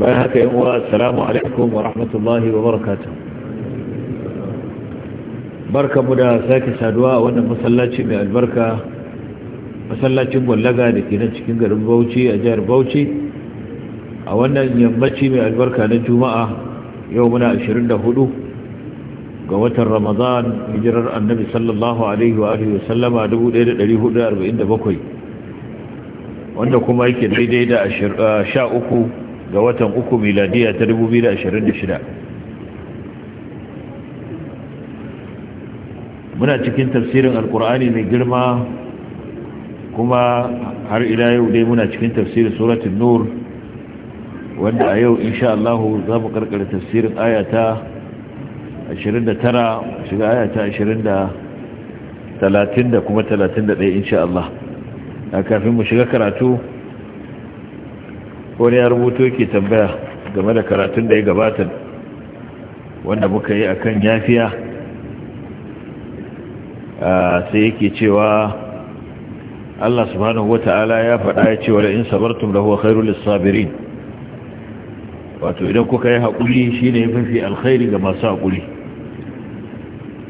bayan haka yan uwa assalamu alaikum wa rahmatullahi wa barakatuh barka mu da sake saduwa a wannan masallaci mai albarka masallacin gwallaga da ke nan cikin garin bauchi a jihar bauchi a wannan yammaci mai albarka na juma'a yau muna 24 ga watan ramadan hijirar annabi sallallahu alaihi wa alihi wasallama 1447 wanda kuma yake daidai da 13 ga watan uku miladiya ta 2026 muna cikin tafsirin alkur'ani mai girma kuma har ila yau dai muna cikin tafsirin suratun nur wanda a yau insha Allah za mu karkar tafsirin ayata 29 shiga ayata 20 30 da kuma 31 insha Allah kafin mu shiga karatu wani ya rubuto yake tambaya game da karatun da ya gabata wanda muka yi akan yafiya sai yake cewa Allah subhanahu wata'ala ya faɗa ya ce wala in sabartum huwa khairu lissabirin wato idan kuka yi haƙuri shine mafi alkhairi ga masu haƙuri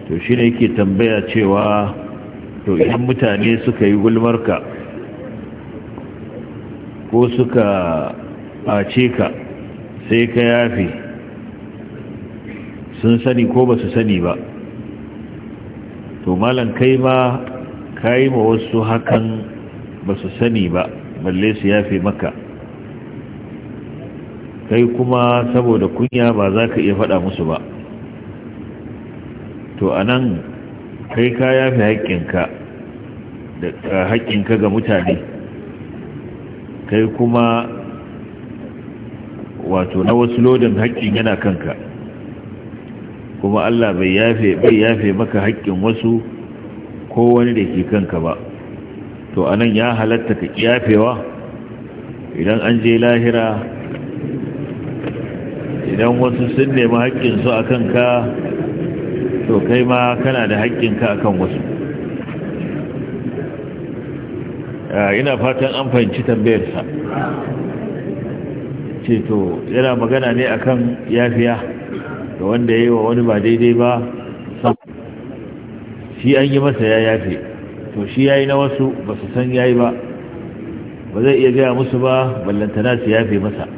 to shine yake tambaya cewa to idan mutane suka yi gulmarka ko suka ɓace ka sai ka yafe sun sani ko ba su sani ba to malam kai ma ka yi ma wasu hakan ba su sani ba balle su yafe maka kai kuma saboda kunya ba za ka iya faɗa musu ba to a nan kai ka yafe haƙƙinka da haƙƙinka ga mutane kai kuma wato na wasu lodin haƙƙin yana kanka kuma Allah bai yafe bai yafe maka haƙƙin wasu ko wani da ke kanka ba to anan ya halatta ka yafewa idan an je lahira idan wasu sun nemi haƙƙinsu a kanka to kai ma kana da haƙƙinka a kan wasu Eh, ina fatan an fahimci tambayarsa ce to yana magana ne akan yafiya da wanda ya yi wa wani ba daidai ba shi an yi masa ya yafe to shi ya yi na wasu ba su san ya yi ba ba zai iya gaya musu ba ballantana su yafe masa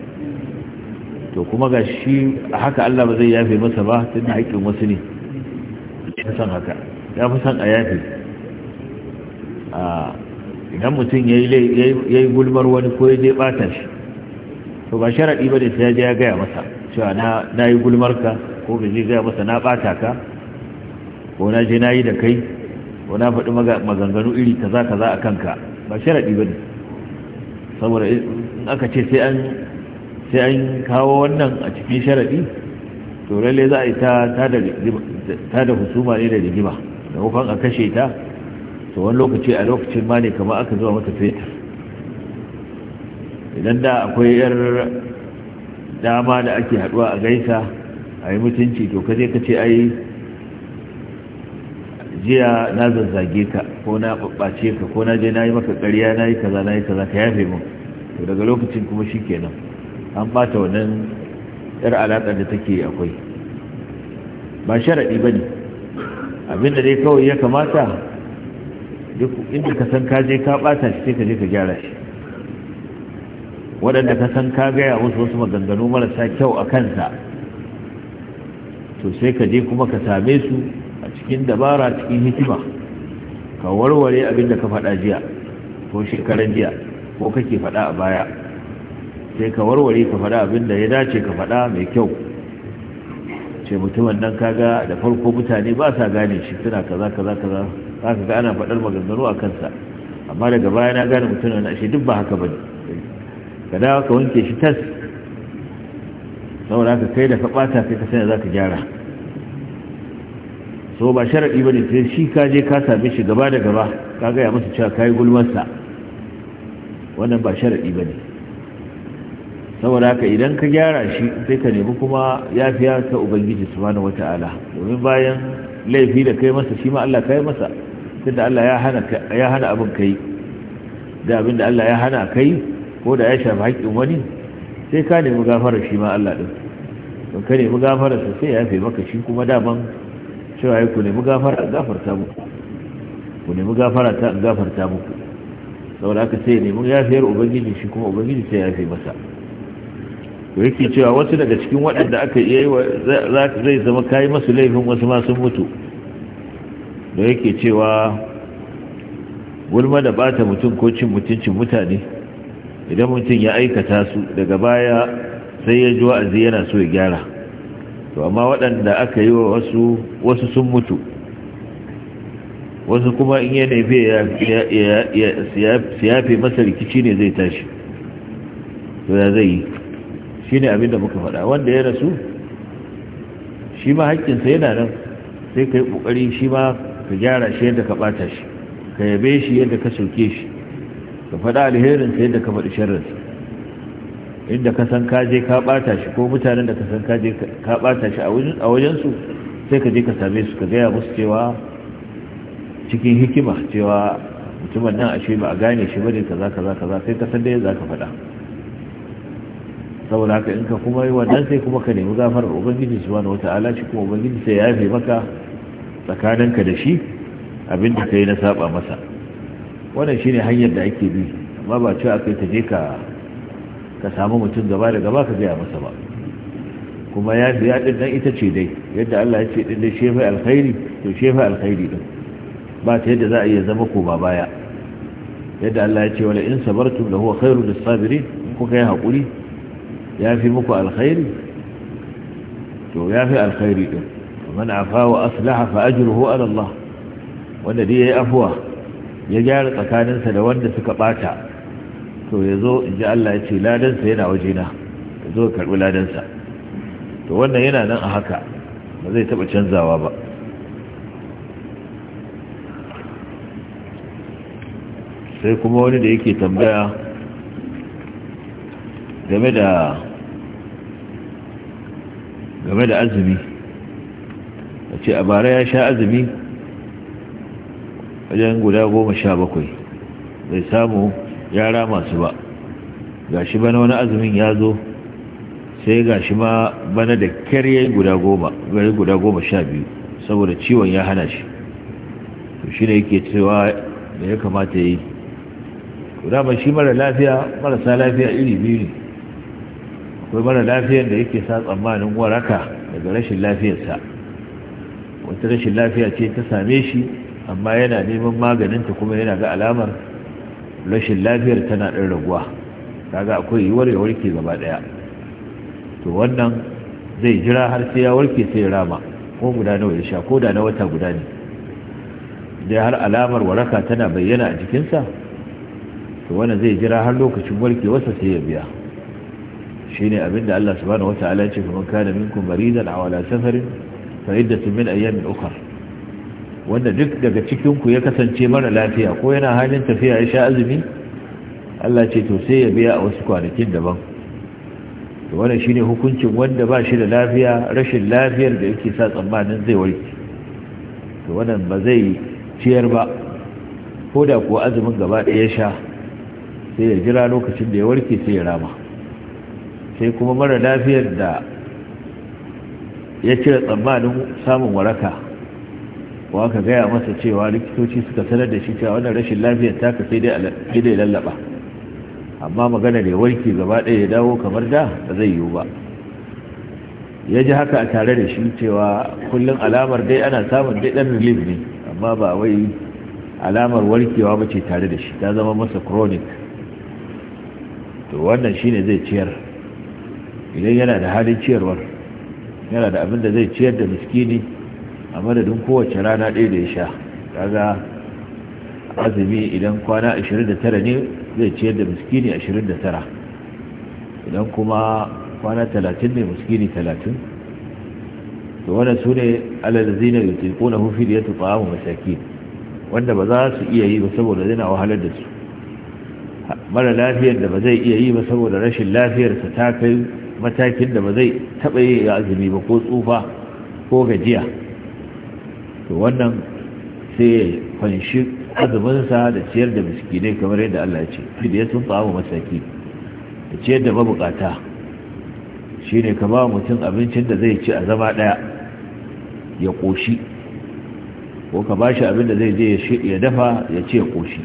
to kuma ga shi haka Allah ba zai yafe masa ba tun da haƙƙin wasu ne ya san haka ya fi san a yafe ah, idan mutum ya yi gulmar wani ko ya je ɓata shi to ba sharaɗi ba da sai ya gaya masa cewa na yi gulmar ka ko ba je gaya masa na ɓata ka ko na je na yi da kai ko na faɗi maganganu iri kaza kaza a kanka ba sharaɗi ba ne saboda in aka ce sai an sai an kawo wannan a cikin sharaɗi to lalle za a yi ta da husuma ne da rigima da wufan a kashe ta to wani lokaci a lokacin ma ne kamar aka zuwa mata fetur idan da akwai yar dama da ake haduwa a gaisa a yi mutunci to kaje ka ce ai jiya na zazzage ka ko na babbace ka ko na je na yi maka ƙarya na yi kaza na yi kaza ka yafe mun to daga lokacin kuma shi kenan an bata wannan yar alaƙar da take akwai ba sharaɗi ba ne abinda dai kawai ya kamata duk inda ka san ka je ka bata shi sai ka je ka gyara shi waɗanda ka san ka gaya wasu wasu maganganu marasa kyau a kansa to sai ka je kuma ka same su a cikin dabara cikin hikima ka warware abin da ka faɗa jiya ko shekaran jiya ko kake faɗa a baya sai ka warware ka faɗa abin da ya dace ka faɗa mai kyau ce mutumin nan kaga da farko mutane ba sa gane shi suna kaza kaza kaza za ka ga ana faɗar maganganu a kansa amma daga baya na gane mutum na shi duk ba haka ba ne ka dawo ka wanke shi tas saboda ka kai da ka ɓata kai ka sanya za ka gyara so ba sharaɗi ba ne sai shi ka je ka same shi gaba da gaba ka gaya masa cewa ka yi gulmarsa wannan ba sharaɗi ba ne saboda haka idan ka gyara shi sai ka nemi kuma yafiya ta ubangiji subhanahu wata'ala domin bayan laifi da kai masa shi ma Allah kai masa tunda Allah ya hana ya hana abin kai da abin da Allah ya hana kai ko da ya shafi haƙƙin wani sai ka nemi gafara shi ma Allah din don ka nemi gafara sa sai ya yafe maka shi kuma daman cewa ya ku nemi gafara gafarta muku ku nemi gafara ta gafarta muku saboda haka sai nemi yafiyar ubangiji shi kuma ubangiji sai ya yafe masa yake cewa wasu daga cikin waɗanda aka yi zai zama kayi masu laifin wasu ma sun mutu da yake cewa gulma da bata mutum ko cin mutuncin mutane idan mutum ya aikata su daga baya sai ya ji wa'azi yana so ya gyara to amma waɗanda aka yi wa wasu wasu sun mutu wasu kuma in ya biya siyafe masa rikici ne zai tashi to ya zai yi shi ne abinda muka faɗa wanda ya rasu shi ma haƙƙinsa yana nan sai ka yi ƙoƙari shi ma ka gyara shi yadda ka bata shi ka yabe shi yadda ka sauke shi ka faɗa alherinsa yadda ka faɗi sharrinsa inda ka san ka je ka bata shi ko mutanen da ka san ka je ka bata shi a wajen su, sai ka je ka same su ka gaya musu cewa cikin hikima cewa mutumin nan ashe ba a gane shi bane kaza kaza kaza sai ka san da za ka faɗa saboda haka in ka kuma yi wannan sai kuma ka nemi gafarar ubangiji subhanahu wataala shi kuma ubangiji sai ya yafe maka tsakaninka da shi abinda ka yi na saba masa wannan shine hanyar da ake bi amma ba a kai ta je ka ka samu mutum gaba da gaba ka gaya masa ba kuma ya fi yaɗin nan ita ce dai yadda Allah ya ce ɗin dai shefa alkhairi to shefa alkhairi ɗin ba ta yadda za a iya zama ko ba baya yadda Allah ya ce wani in sabartum da huwa khairu da sabirin kuka yi haƙuri ya fi muku alkhairi to ya fi alkhairi ɗin man afa wa aslaha fa ajruhu ala Allah wanda dai yayi afuwa ya gyara tsakaninsa da wanda suka bata to yazo inji Allah ya ce ladan sa yana wajena yazo karbi ladan sa to wannan yana nan a haka ba zai taba canzawa ba sai kuma wani da yake tambaya game da azumi a ce a bara ya sha azumi wajen guda goma sha bakwai bai samu yara masu ba ga shi bana wani azumin ya zo sai ga shi ma bana da guda goma gari guda goma sha biyu saboda ciwon ya hana shi to shi ne yake cewa da ya kamata ya yi dama shi mara lafiya marasa lafiya iri biyu ne akwai mara lafiyan da yake sa tsammanin waraka daga rashin lafiyarsa wata rashin lafiya ce ta same shi amma yana neman maganinta kuma yana ga alamar rashin lafiyar tana ɗin raguwa ga akwai yiwuwar ya warke gaba ɗaya to wannan zai jira har sai ya warke sai rama ko guda nawa ya sha ko da na wata guda ne dai har alamar waraka tana bayyana a jikinsa to wannan zai jira har lokacin warkewarsa sai ya biya ne abinda Allah subhanahu wataala ya ce kuma kana minkum maridan a wala safarin fa a min ayyami ukar. wanda duk daga cikin ku ya kasance mara lafiya ko yana halin tafiya ya sha azumi Allah ce to sai ya biya a wasu kwanakin daban to wannan shine hukuncin wanda ba shi da lafiya rashin lafiyar da yake sa tsammanin zai warke to wannan ba zai ciyar ba ko da kuwa azumin gaba ɗaya sha sai ya jira lokacin da ya warke sai ya rama sai kuma mara lafiyar da ya cire tsammanin samun waraka wa ka gaya masa cewa likitoci suka sanar da shi cewa wannan rashin lafiyar ka sai dai lallaba amma magana da ya warke gaba ɗaya ya dawo kamar da ba zai yiwu ba ya ji haka a tare da shi cewa kullum alamar dai ana samun dai ɗan relief ne amma ba wai alamar warkewa ba ce tare da shi ta zama masa chronic to wannan shine zai ciyar idan yana da halin ciyarwar yana da abin da zai ciyar da miskini a madadin kowace rana ɗaya da ya sha kaga azumi idan kwana 29 ne zai ciyar da miskini 29 idan kuma kwana 30 ne miskini 30 to wannan su ne alalazina yutilquna hu fi diyati ta'amu masakin wanda ba za su iya yi ba saboda yana wahalar da su mara lafiyar da ba zai iya yi ba saboda rashin lafiyarsa ta kai matakin da ba zai taɓa yi ga azumi ba ko tsufa ko gajiya to wannan sai ya fanshi azuminsa da ciyar da miskinai kamar yadda Allah ya ce ya sun ma masaki da ciyar da mabukata shi ne ka ba mutum abincin da zai ci a zama ɗaya ya ƙoshi ko ka ba shi abin da zai je ya dafa ya ce ya ƙoshi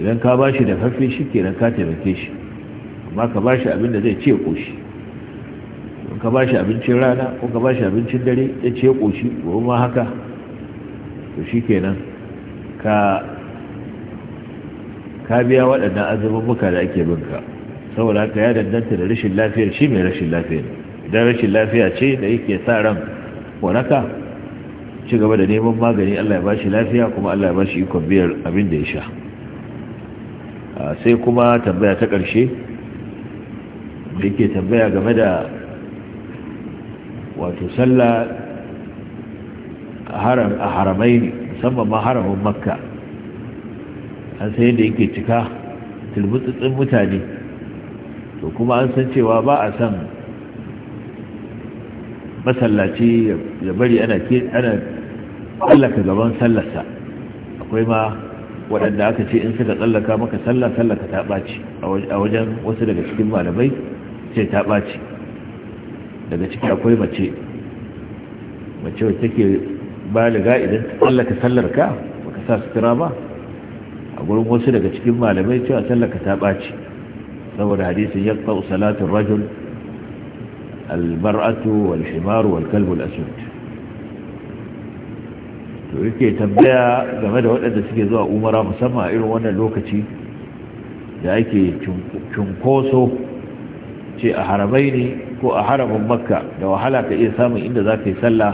idan ka ba shi da farfe shi kenan ka taimake shi amma ka bashi abin da zai ce koshi ka bashi abincin rana ko ka bashi abincin dare ya ce koshi ko ma haka to kenan ka ka biya waɗannan muka da ake binka saboda haka ya danganta da rashin lafiyar shi mai rashin lafiyar idan rashin lafiya ce da yake sa ran waraka ci gaba da neman magani Allah ya bashi lafiya kuma Allah ya bashi ikon biyar abin da ya sha ah, sai kuma tambaya ta ƙarshe da yake tambaya game da wato sallah a haramai musamman ma makka an sai da yake cika tilmutsutsun mutane to kuma an san cewa ba a san masallaci da bari ana tsallaka gaban sallarsa akwai ma waɗanda aka ce in suka tsallaka maka sallah sallaka ta ɓaci a wajen wasu daga cikin malamai ce ta ɓaci daga ciki akwai mace mace wacce take baliga idan ta tsallaka sallar ka baka sa sutura ba a gurin wasu daga cikin malamai cewa sallar ta ɓaci saboda hadisin ya ƙau salatin rajul albar'atu wal himaru wal To asud to yake tambaya game da waɗanda suke zuwa umara musamman a irin wannan lokaci da ake cunkoso ce a harabai ne ko a harabin makka da wahala ka iya samun inda za ka yi sallah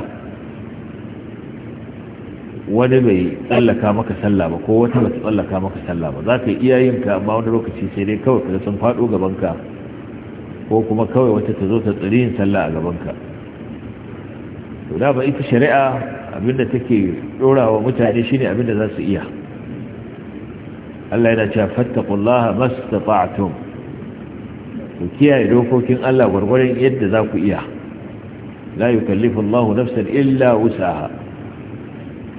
wani bai tsallaka maka sallah ba ko wata ba tsallaka maka sallah ba za ka iya yin ka amma wani lokaci sai dai kawai ka sun faɗo gabanka ko kuma kawai wata ta zo ta tsiri yin sallah a gabanka to da ba ita shari'a abinda take ɗorawa wa mutane shine abinda za su iya Allah yana cewa fattaqullaha mastata'tum ku kiyaye dokokin Allah gwargwaron yadda za ku iya la yukallifu Allahu nafsar illa wusa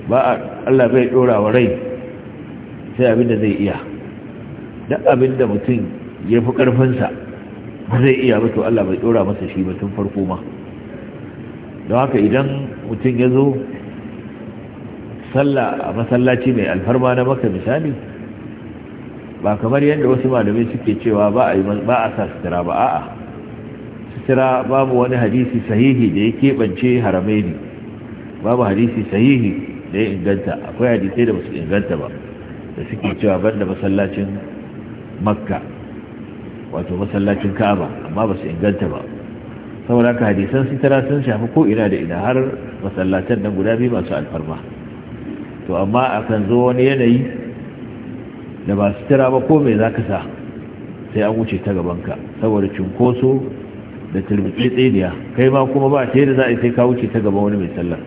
ba Allah bai dora wa rai sai abinda zai iya duk abinda mutum ya fi karfinsa ba zai iya ba to Allah bai dora masa shi ba tun farko ma don haka idan mutum ya zo sallah a masallaci mai alfarma na maka misali ba kamar yadda wasu malamai suke cewa ba a sa sutura ba a'a sutura babu wani hadisi sahihi da ya keɓance haramai ne babu hadisi sahihi da ya inganta akwai hadisai da basu inganta ba da suke cewa da masallacin makka wato masallacin ka'aba amma basu inganta ba saboda ka hadisan sutura sun shafi ko ina da ina har masallacin nan guda biyu masu alfarma to amma akan zo wani yanayi da ba su tira ba ko mai za ka sa sai an wuce ta gaban ka? saboda cunkoso da turmitsi tsiniya kai ma kuma ba ce yadda za a yi sai ka wuce ta gaban wani mai sallar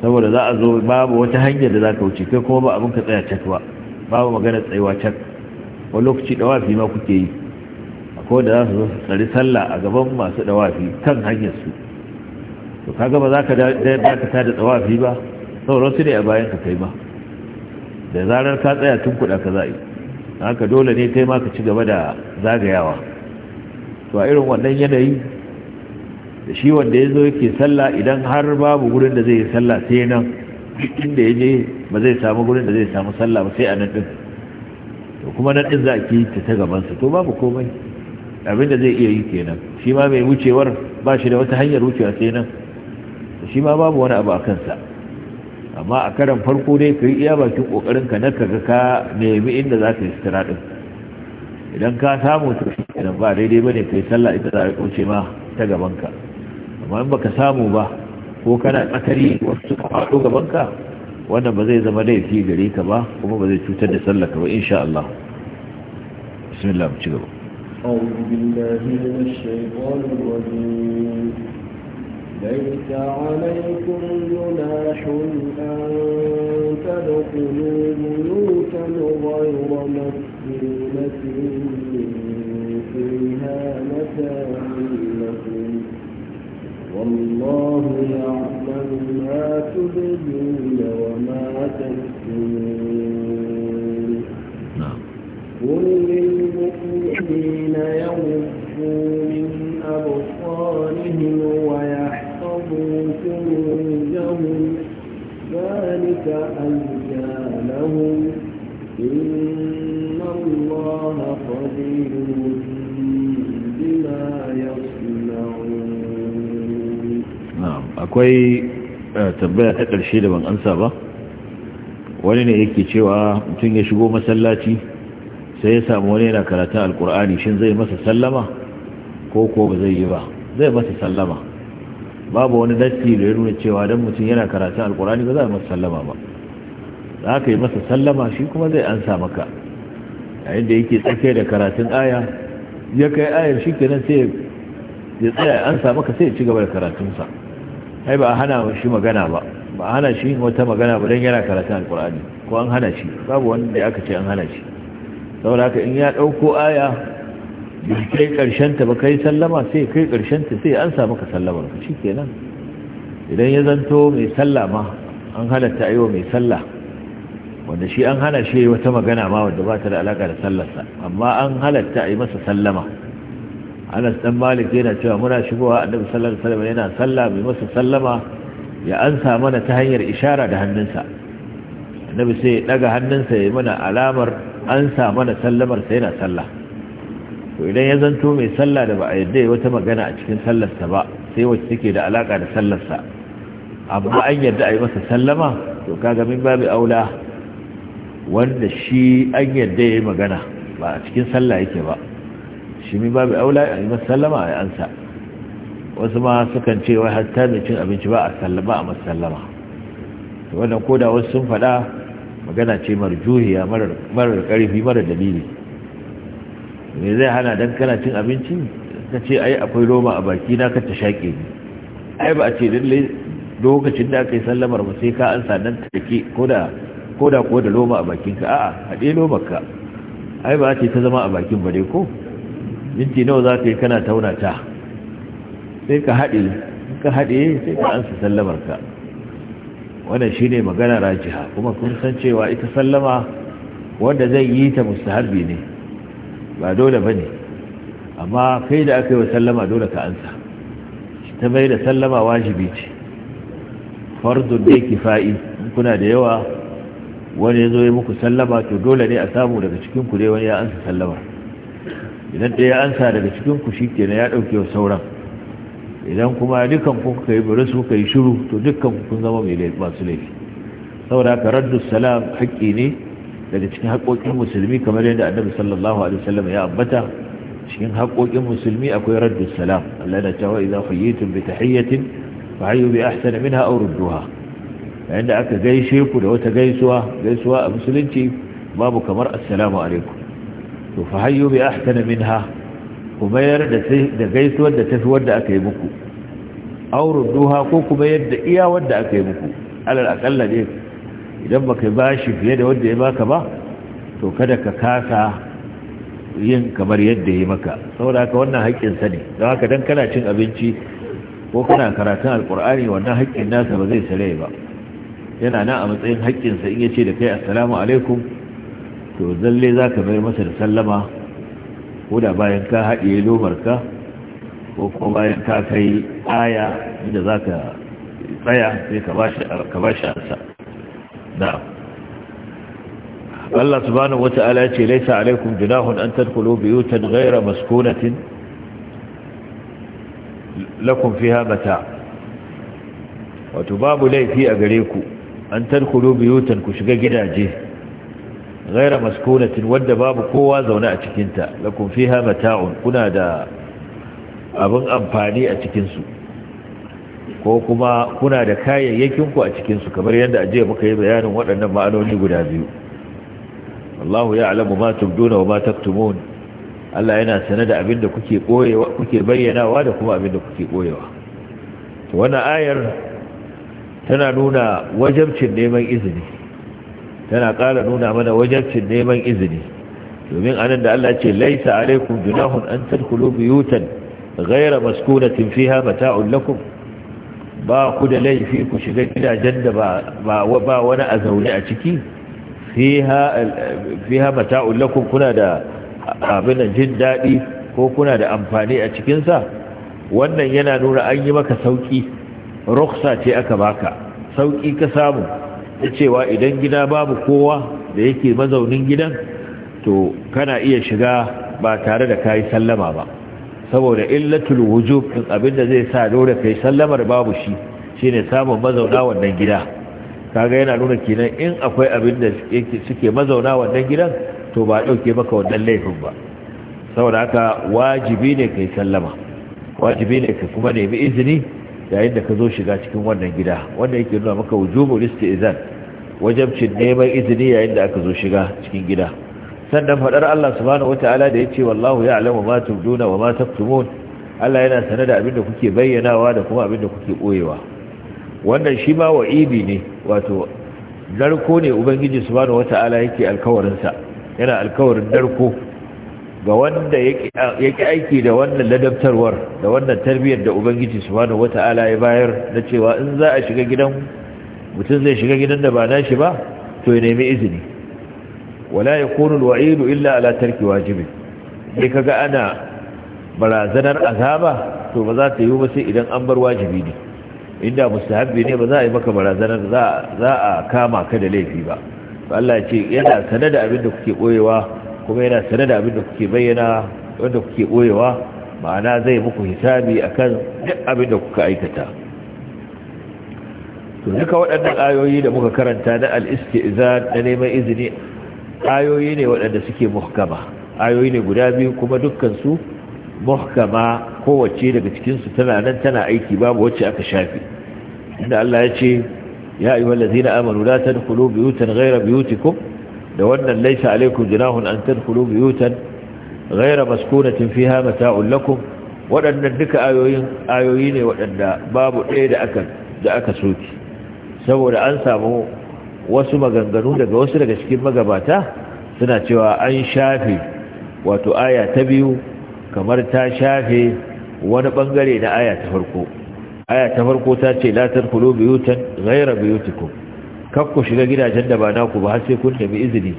saboda za a zo babu wata hanyar da za ka wuce kai kuma ba abin ka tsaya cak ba babu magana tsayawa cak Ko lokaci wafi ma kuke yi akwai da za su zo tsari sallah a gaban masu wafi kan hanyar su to kaga ba za ka dakata da tsawafi ba sauran wasu ne a bayan ka kai ba da zarar ka tsaya tun kuɗa ka za'i haka dole ne kai ma ka ci gaba da zagayawa to a irin wannan yanayi da shi wanda ya zo yake sallah idan har babu gurin da zai yi sallah sai nan inda ya je ba zai samu gurin da zai samu sallah ba sai a nan ɗin to kuma nan ɗin za a ki ta ta gabansa to babu komai abin da zai iya yi kenan shi ma mai wucewar ba shi da wata hanyar wucewa sai nan shi ma babu wani abu a kansa amma a karan farko dai ka yi iya bakin kokarin ka na kaga ka nemi inda za ka yi sutura din idan ka samu to idan ba daidai bane kai sallah ita za a kauce ma ta gaban ka amma in baka samu ba ko kana tsakari wasu suka faɗo gaban ka wannan ba zai zama laifi gare ka ba kuma ba zai cutar da sallah ka ba insha Allah bismillah mu ci gaba أعوذ بالله من الشيطان الرجيم ليس عليكم جناح أن تدخلوا بيوتا غير مسجونة فيها متاع لكم والله يعلم ما تبدون وما تكتمون نعم. قل للمؤمنين يغفوا من أبصارهم ويعلمون akwai eh, tambaya ta ƙarshe da ban ansa ba wani ne yake cewa mutum ya shigo masallaci sai ya samu wani yana karata alkur'ani shin zai masa sallama ko ko ba zai yi ba zai masa sallama babu wani datti da ya nuna cewa don mutum yana karatun alkurani ba za a masa sallama ba za ka yi masa sallama shi kuma zai ansa maka yayin da yake tsakiyar da karatun aya ya kai ayar shi kenan sai ya tsaya sa maka sai ya ci gaba da karatunsa ai ba a hana shi magana ba ba a hana shi wata magana ba don yana karatun alkurani ko an hana shi babu wanda aka ce an hana shi saboda haka in ya ɗauko aya bai kai karshen ta ba kai sallama sai kai karshen ta sai an samu ka sallama ka shikenan idan ya zanto mai sallama an halatta ayo mai sallah wanda shi an hana shi wata magana ma wadda ba ta da alaka da sallarsa amma an halatta a yi masa sallama anas dan malik yana cewa muna shigowa annabi sallallahu alaihi wasallam yana sallah mai masa sallama ya ansa mana ta hanyar ishara da hannunsa annabi sai ya daga hannunsa ya mana alamar ansa mana sallamar sai yana sallah to idan ya zanto mai sallah da ba a yadda wata magana a cikin sallarsa ba sai wacce take da alaka da sallarsa amma an yadda a yi masa sallama to kaga min babu aula wanda shi an yadda ya yi magana ba a cikin sallah yake ba shi min babu aula a yi masa sallama a yi ansa wasu ma sukan ce wai hatta mai cin abinci ba a sallama a masa sallama to wannan koda wasu sun faɗa magana ce marjuhiya marar ƙarfi marar dalili me zai hana dan kana cin abinci ka ce ai akwai roma a baki na ka ta shaƙe ni ai ba a ce lallai lokacin da aka yi sallamar ba sai ka ansa nan take ko da ko da ko da roma a bakin ka a'a haɗe lomar ka ai ba a ce ta zama a bakin ba dai ko minti nawa za ka yi kana tauna ta sai ka haɗe ka haɗe sai ka ansa sallamar ka wannan shine magana rajiha kuma kun san cewa ita sallama wanda zai yi ta mustahabi ne ba dole ba ne amma kai da aka yi wa sallama dole ka ansa ta mai da sallama wajibi ce fardun dai kifa'i kuna da yawa wani ya zo yi muku sallama to dole ne a samu daga cikin dai wani ya ansa sallama idan ɗaya ya ansa daga cikin ku shi kenan ya ɗauke wa sauran idan kuma dukan ku kuka yi bari su kuka yi shiru to dukkan kun zama masu laifi saboda haka raddu salam haƙƙi ne daga cikin haƙoƙin musulmi kamar yadda annabi sallallahu alaihi wasallam ya ambata cikin haƙoƙin musulmi akwai raddu salam Allah da cewa idza hayyitum bi tahiyyatin fa hayyu bi ahsani minha aw rudduha yayin da aka gaishe ku da wata gaisuwa gaisuwa a musulunci babu kamar assalamu alaikum to fa hayyu bi ahsani minha ku mayar da da gaisuwar da tafi wanda aka yi muku aw rudduha ko kuma yadda iya wanda aka yi muku alal aqalla ne idan baka ba shi fiye da wanda ya baka ba to kada ka kasa yin kamar yadda ya maka saboda haka wannan haƙƙinsa ne don haka don kana cin abinci ko kana karatun alkur'ani wannan haƙƙin nasa ba zai sare ba yana nan a matsayin haƙƙinsa in ya ce da kai assalamu alaikum to zalle za ka bayar masa da sallama ko da bayan ka haɗiye lomarka ko kuma bayan ka kai aya inda za ka tsaya sai ka ba shi a sa na'am Allah subhanahu wata'ala ya ce laisa alaikum junahun an tadkhulu buyutan ghayra maskunatin lakum fiha mata wato babu laifi a gare ku an tadkhulu biyutan ku shiga gidaje gaira maskunatin wadda babu kowa zaune a cikin ta lakum fiha mata'un kuna da abin amfani a cikinsu. ko kuma kuna da kayayyakin ku a cikinsu kamar yadda jiya muka yi bayanin waɗannan ma'anoni guda biyu Allahu ya'lamu ma tubduna wa ma taktumun Allah yana sanar da abin da kuke koyewa kuke bayyanawa da kuma abin da kuke koyewa to wannan ayar tana nuna wajabcin neman izini tana ƙara nuna mana wajabcin neman izini domin anan da Allah ce laisa alaikum junahun an tadkhulu buyutan ghayra maskunatin fiha mata'un lakum ba ku da laifi ku shiga gidajen da ba wani a zaune a ciki fi ha mata'un lakum kuna da abin da jin daɗi ko kuna da amfani a cikinsa wannan yana nuna an yi maka sauki roksa ce aka baka sauƙi ka samu ta cewa idan gida babu kowa da yake mazaunin gidan to kana iya shiga ba tare da kayi sallama ba saboda illatul wujub din abinda zai sa dole kai sallamar babu shi shine samun mazauna wannan gida kaga yana nuna kenan in akwai abinda suke mazauna wannan gidan to ba dauke maka wannan laifin ba saboda haka wajibi ne kai sallama wajibi ne ka kuma nemi izini yayin da ka zo shiga cikin wannan gida wanda yake nuna maka wujubul istizan wajabcin neman izini yayin da aka zo shiga cikin gida sannan faɗar Allah subhanahu wata'ala da ya wallahu ya'lamu ma tubduna wa ma taktumun Allah yana sane da abin da kuke bayyanawa da kuma abin da kuke boyewa wannan shi ma wa'ibi ne wato darko ne ubangiji subhanahu wata'ala yake alkawarin sa yana alkawarin darko ga wanda yake aiki da wannan ladabtarwar da wannan tarbiyyar da ubangiji subhanahu wata'ala ya bayar na cewa in za a shiga gidan mutum zai shiga gidan da ba nashi ba to ya nemi izini wala yakunu wa'idu illa ala tarki wajibi sai kaga ana barazanar azaba to ba za ta yi ba sai idan an bar wajibi ne inda mustahabbi ne ba za a yi maka barazanar za a kama ka da laifi ba Allah ce yana sanar da abin da kuke koyewa kuma yana sanar da abin da kuke bayyana wanda kuke koyewa ma'ana zai muku hisabi akan duk abin da kuka aikata to duka waɗannan ayoyi da muka karanta na al-istizan na neman izini ayoyi ne waɗanda suke muhkama ayoyi ne guda biyu kuma dukkansu muhkama kowace daga cikinsu tana nan tana aiki babu wacce aka shafi inda Allah ya ce ya ayyuhal ladzina amanu la tadkhulu buyutan ghayra buyutikum da wannan laisa alaykum junahun an tadkhulu buyutan ghayra maskunatin fiha mata'un lakum waɗannan duka ayoyi ne waɗanda babu ɗaya da aka da aka soki saboda an samu wasu maganganu daga wasu daga cikin magabata suna cewa an shafe wato aya ta biyu kamar ta shafe wani bangare na aya ta farko aya ta farko ta ce latar kulo biyutan zaira buyutikum kar ku shiga gidajen da ba naku ba har sai kun nemi izini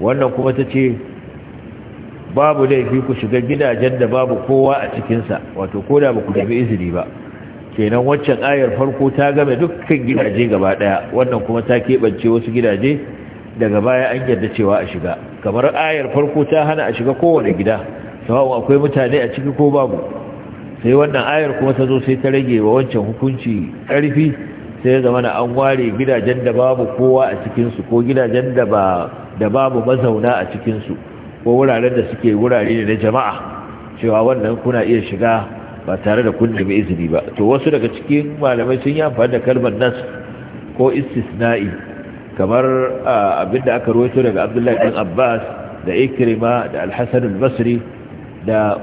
wannan kuma ta ce babu laifi ku shiga gidajen da babu kowa a cikinsa wato ko ba ku nemi izini ba kenan wancan ayar farko ta game dukkan gidaje gaba daya wannan kuma ta keɓance wasu gidaje daga baya an yarda cewa a shiga kamar ayar farko ta hana a shiga kowane gida sawa akwai mutane a ciki ko babu sai wannan ayar kuma ta zo sai ta rage wa wancan hukunci ƙarfi sai ya zama na an ware gidajen da babu kowa a cikinsu ko gidajen da ba da babu mazauna a cikinsu ko wuraren da suke wurare ne na jama'a cewa wannan kuna iya shiga ba tare da kun nemi izini ba to wasu daga cikin malamai sun yi amfani da kalmar nas ko istisna'i kamar abin da aka ruwaito daga abdullahi bin abbas da ikrima da alhassanul al-basri da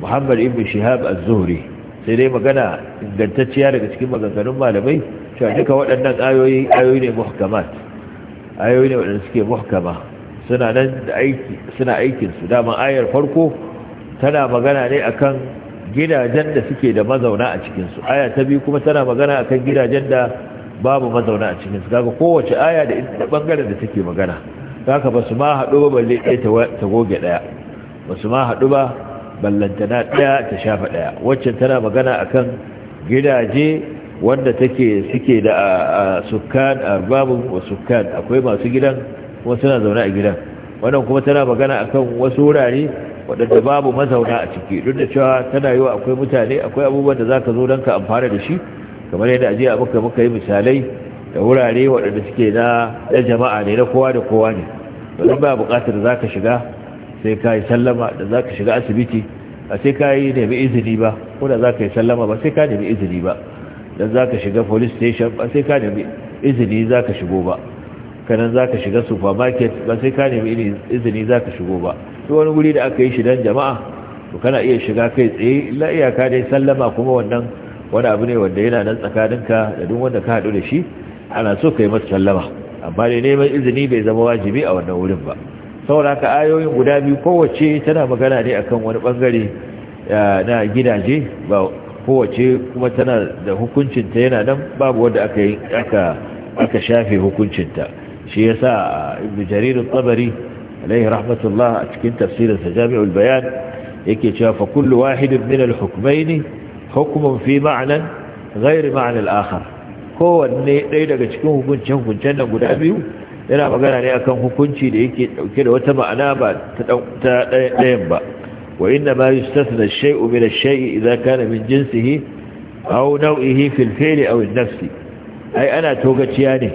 muhammad ibn shihab az-zuhri sai dai magana ingantacciya daga cikin maganganun malamai cewa duka waɗannan ayoyi ayoyi ne muhkamat ayoyi ne waɗanda suke muhkama suna nan da aiki suna aikin su dama ayar farko tana magana ne akan gidajen da suke da mazauna a cikinsu aya ta biyu kuma tana magana a kan gidajen da babu mazauna a cikinsu kaga kowace aya da bangaren da take magana kaka ba su ma haɗu ba balle ɗaya ta goge ɗaya ba su ma haɗu ba ballantana ɗaya ta shafa ɗaya wacce tana magana a kan gidaje wanda take suke da sukkan babu wa sukkan akwai masu gidan kuma suna zaune a gidan wannan kuma tana magana akan wasu wurare waɗanda babu mazauna a ciki duk da cewa tana yi wa akwai mutane akwai abubuwan da za ka zo don ka amfana da shi kamar yadda ajiya muka muka yi misalai da wurare waɗanda suke na jama'a ne na kowa da kowa ne to ba buƙatar za ka shiga sai ka yi sallama da za ka shiga asibiti a sai ka yi nemi izini ba ko da za ka yi sallama ba sai ka nemi izini ba don za ka shiga police station ba sai ka nemi izini za ka shigo ba kanan za ka shiga supermarket ba sai ka nemi izini za ka shigo ba duk wani guri da aka yi shi don jama'a to kana iya shiga kai tsaye illa iyaka dai sallama kuma wannan wani abu ne wanda yana nan tsakaninka da duk wanda ka haɗu da shi ana so ka yi masa sallama amma dai neman izini bai zama wajibi a wannan wurin ba saboda ka ayoyin guda biyu kowace tana magana ne akan wani bangare eh, na gidaje ba kowace kuma tana da hukuncinta yana nan babu wanda aka aka aka shafe hukuncinta shi yasa ibnu jarir al tabari عليه رحمة الله أتكين تفسير التجامع والبيان يكتشاف كل واحد من الحكمين حكم في معنى غير معنى الآخر هو أني ليلة أتكين هكون جنب جنب قدابيو إلا مقال أني أكون هكون شيء وتم أنابا تأمبا وإنما يستثنى الشيء من الشيء إذا كان من جنسه أو نوئه في الفعل أو النفس أي أنا توقت يعني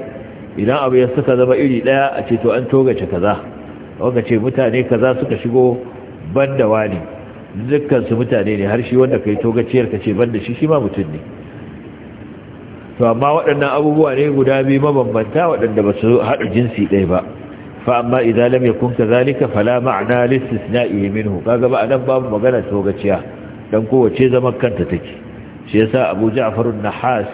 إلا أبي يستثنى ما إلي لا أتيت أن توقت كذا wanda ce mutane kaza suka shigo banda wani dukkan su mutane ne har shi wanda kai togaciyar ka ce banda shi shi ma mutum ne to amma waɗannan abubuwa ne guda biyu mabambanta waɗanda ba su haɗa jinsi ɗaya ba fa amma idza lam yakun kadhalika fala ma'na na istisna'i minhu kaga ba anan babu magana togaciya dan kowace zaman kanta take shi yasa Abu Ja'far an-Nahas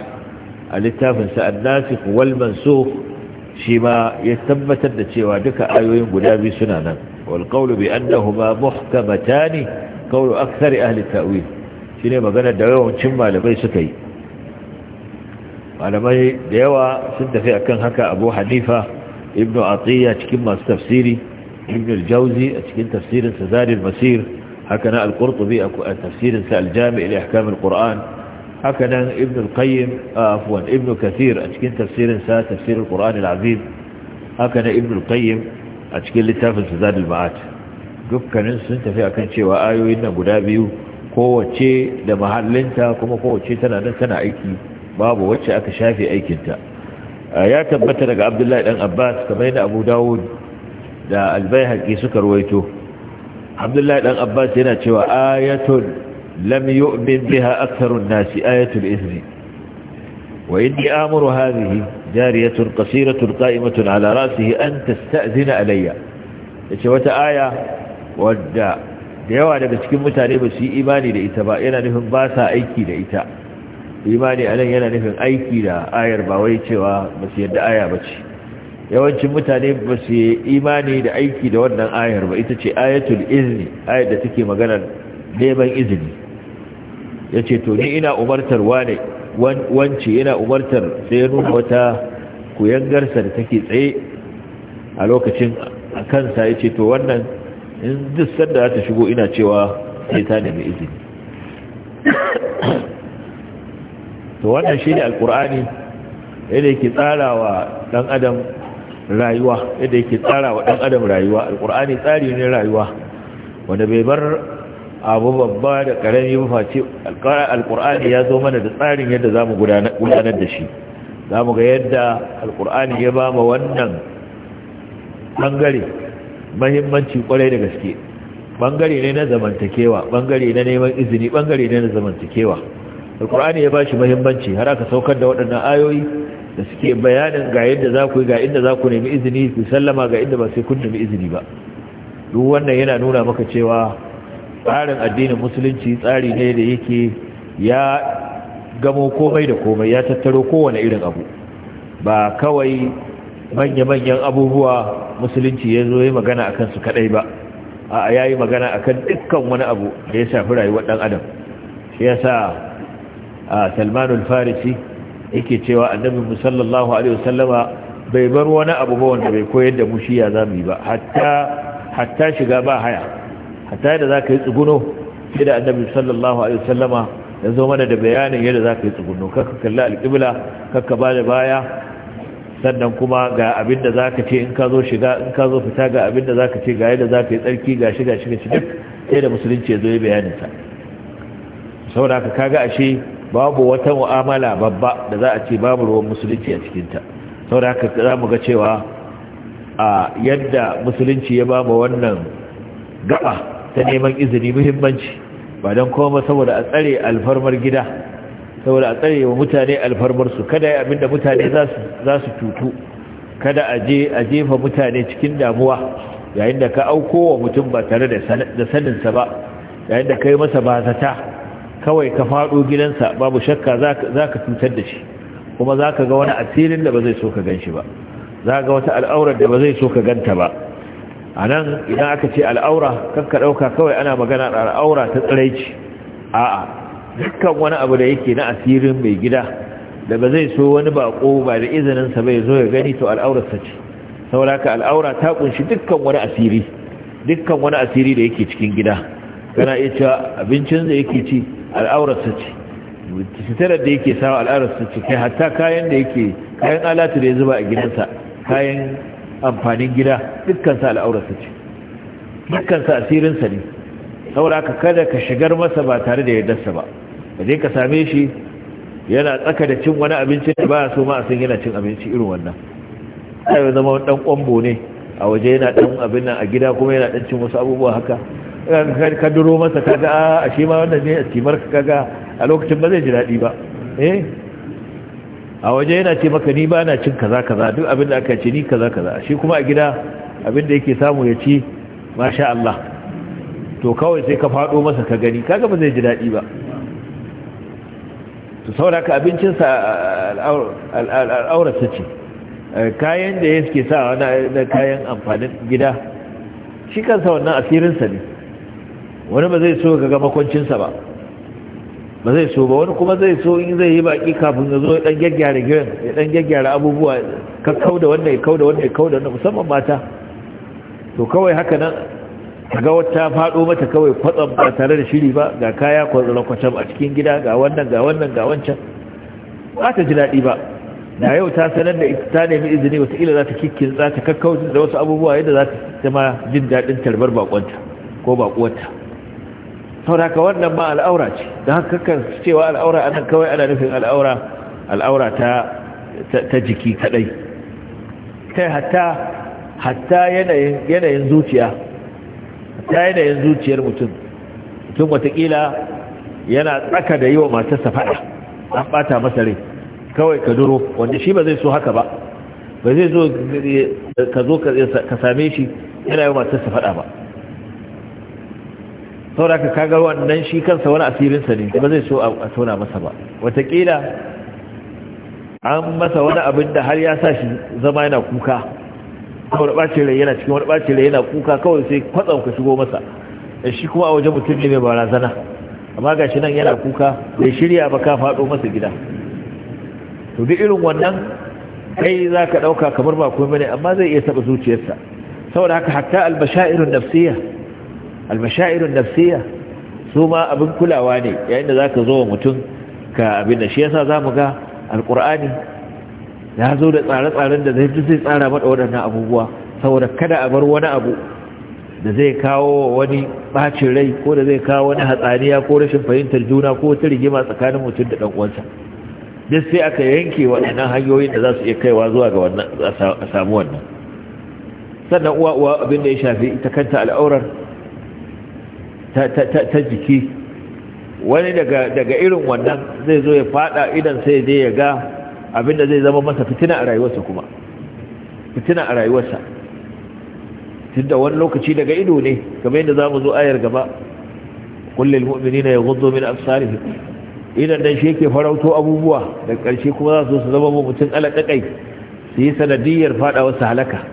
a littafin sa an-Nasikh wal Mansukh shi ma ya tabbatar da cewa duka ayoyin guda biyu suna nan wal qawlu bi annahuma muhkamatani qawlu akthari ahli ta'wil shine magana da yawancin malamai suka yi malamai da yawa sun tafi akan haka Abu Hanifa Ibn Atiyya cikin masu tafsiri Ibn al-Jawzi a cikin tafsirin sa Zadul Masir haka na al-Qurtubi a tafsirin sa al-Jami' li ahkam al-Qur'an haka nan ibn al-qayyim ah, afwan ibn kathir a cikin tafsirin sa tafsir al-qur'an al-azim haka nan ibn al-qayyim a cikin littafin zad al-ma'at dukkanin sun tafi akan cewa ayoyin nan guda biyu kowace da mahallinta kuma kowace tana nan tana aiki babu wacce aka shafe aikinta ah, ya tabbata daga abdullahi dan abbas kamar yadda abu dawud da al-baihaqi suka ruwaito abdullahi dan abbas yana cewa ayatun لم يؤمن بها أكثر الناس آية الإثم وإني آمر هذه جارية قصيرة قائمة على رأسه أن تستأذن علي وتا آية ودى ديوة لبسكين متعلمة سي إيماني لإتباء إنا نفهم باسا أيكي لإتاء imani a nan yana nufin aiki da ayar cewa ba su yadda aya ba ce yawancin mutane ba su imani da aiki da wannan ayar ba ita ce ayatul izini ayar da take maganar neman izini ya ce to ni ina umartar wane wance yana umartar sai nuna wata kuyangarsa da take tsaye a lokacin a kansa ya ce to wannan in duk sanda za ta shigo ina cewa sai ta nemi izini to wannan shi ne alkur'ani yadda yake tsara wa ɗan adam rayuwa yadda yake tsara wa ɗan adam rayuwa alkur'ani tsari ne rayuwa wanda bai bar abu babba da karami mafaci alkur'ani ya zo mana da tsarin yadda za mu gudanar da shi za mu ga yadda alkur'ani ya ba ma wannan ɓangare mahimmanci kwarai da gaske ɓangare ne na zamantakewa ɓangare na neman izini ɓangare ne na zamantakewa alkur'ani ya ba shi mahimmanci har aka saukar da waɗannan ayoyi da suke bayanin ga yadda za ku yi ga inda za ku nemi izini ku sallama ga inda ba sai kun nemi izini ba duk wannan yana nuna maka cewa tsarin addinin musulunci tsari ne da yake ya gamo komai da komai ya tattaro kowane irin abu ba kawai manya-manyan abubuwa musulunci ya zo yi magana a kansu kadai ba a ya yi magana a kan dukkan wani abu da ya shafi rayuwar ɗan adam shi ya sa a salmanul farisi yake cewa annabi sallallahu alaihi wasallama bai bar wani abu ba wanda bai koyar da mu shi ya zamu yi ba hatta shiga ba haya hatta da za ka yi tsuguno sai da annabi sallallahu alaihi wasallama ya zo mana da bayanin yadda za ka yi tsuguno kakka kalla alƙibla kakka ba da baya sannan kuma ga abin da za ka ce in ka zo shiga in ka zo fita ga abin da za ka ce ga yadda za ka yi tsarki ga shiga shiga shi duk sai da musulunci ya zo ya bayaninsa saboda haka kaga ashe babu wata mu'amala babba da za a ce babu ruwan musulunci a cikinta saboda haka za mu ga cewa a yadda musulunci ya ba mu wannan gaba ta neman izini muhimmanci ba don koma saboda a tsare alfarmar gida saboda a tsare wa mutane su kada ya abinda mutane za su cutu kada a jefa mutane cikin damuwa yayin da ka auko wa mutum ba tare da saninsa ba yayin da ka yi masa ba kawai ka faɗo gidansa babu shakka za ka cutar da shi kuma za ka ga wani asirin da ba zai so ka gan shi ba za ka ga wata al'aurar da ba zai so ka ganta ba a nan idan aka ce al'aura kan ka ɗauka kawai ana magana da al'aura ta tsiraici a'a dukkan wani abu da yake na asirin mai gida da ba zai so wani bako ba da izininsa bai zo ya gani to al'aurarsa ce sauraka al'aura ta kunshi dukkan wani asiri dukkan wani asiri da yake cikin gida kana iya cewa abincin da yake ci al'aurarsa ce da yake sawa al'aurarsa ce kai hatta kayan da yake kayan alatu da ya zuba a gidansa kayan amfanin gida dukkansa al'aurarsa ce dukkansa asirinsa ne saboda ka kada ka shigar masa ba tare da yardarsa ba ka je ka same shi yana tsaka da cin wani abinci da baya so ma a san yana cin abinci irin wannan ai zama wani dan kwambo ne a waje yana dan abin nan a gida kuma yana dan cin wasu abubuwa haka ka duro masa kaga a shi ma wannan ne a ka kaga a lokacin ba zai ji daɗi ba eh a waje yana ce maka ni ba na cin kaza kaza duk abin da aka ce ni kaza kaza shi kuma a gida abin da yake samu ya ci masha Allah to kawai sai ka faɗo masa ka gani kaga ba zai ji daɗi ba to saboda ka abincinsa al'aurarsa ce eh, kayan da ya suke sa na kayan amfanin gida shi kansa wannan asirinsa ne wani ba zai so ga makwancinsa ba ba zai so ba wani kuma zai so in zai yi baki kafin ya zo ya dan gyaggyara gidan ya dan gyaggyara abubuwa ka da wannan ya da wannan ya da wannan musamman mata to kawai haka nan ga wata faɗo mata kawai kwatsam ba tare da shiri ba ga kaya kwatsam kwatsam a cikin gida ga wannan ga wannan ga wancan ba ta ji daɗi ba da yau ta sanar da ta nemi izini ila za ta kikkin za ta kakkauta da wasu abubuwa yadda za ta zama jin daɗin tarbar bakonta ko bakuwarta saboda ka wannan ma al'aura ce don haka kan cewa al'aura anan kawai ana nufin al'aura al'aura ta jiki kadai Ta hatta hatta yanayin zuciya Ta yanayin zuciyar mutum mutum watakila yana tsaka da yi wa matarsa faɗa an ɓata masa rai kawai ka duro wanda shi ba zai so haka ba ba zai zo ka zo ka same shi yana yi wa matarsa faɗa ba saboda ka kaga wannan shi kansa wani sa ne ba zai so a tona masa ba watakila an masa wani abin da har ya sa shi zama yana kuka kawai ɓacin rai yana cikin wani ɓacin rai yana kuka kawai sai kwatsa ka shigo masa eh, shi kuma a wajen mutum ne mai barazana amma gashi nan yana kuka bai shirya ba ka faɗo masa gida to duk irin wannan kai za ka ɗauka kamar ba komai ne amma zai iya taɓa zuciyarsa saboda haka hatta irin nafsiyya almashairun nafsiya suma abin kulawa ne yayin da zaka zo wa mutum ka abin da shi yasa zamu ga alqur'ani ya zo da tsare-tsaren da zai zai tsara mada waɗannan abubuwa saboda kada a bar wani abu da zai kawo wani bacin rai ko da zai kawo wani hatsaniya ko rashin fahimtar juna ko wata rigima tsakanin mutum da ɗan uwansa duk sai aka yanke waɗannan hanyoyin da za su iya kaiwa zuwa ga wannan a samu wannan sannan uwa uwa abin da ya shafi ita kanta al'aurar ta jiki wani daga irin wannan zai zo ya fada idan sai je ya ga abinda zai zama masa fitina a rayuwarsa kuma fitina a rayuwarsa tunda wani lokaci daga ido ne game da za mu zo ayar gaba kullum mu'minina ya gudu min absarihi idan dan shi yake farauto abubuwa da ƙarshe kuma za su zama mutum alaƙaƙai su yi sanadiyyar faɗa wasu halaka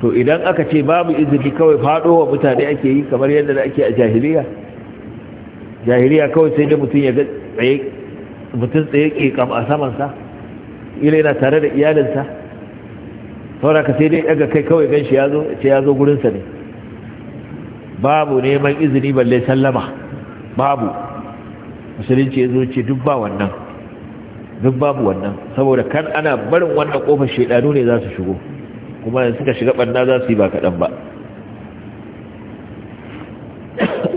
to idan aka ce babu izini kawai fado wa mutane ake yi kamar yadda da ake a jahiliya jahiliya kawai sai da mutum ya ga tsaye mutum tsaye kekam a samansa ila yana tare da iyalinsa saboda ka sai dai ɗaga kai kawai ganshi ya zo ce ya zo gurinsa ne babu neman izini balle sallama babu musulunci ya zo ce duk ba wannan duk babu wannan saboda kan ana barin wannan kofar shaidanu ne za su shigo kuma suka shiga ɓanna za su yi ba kaɗan ba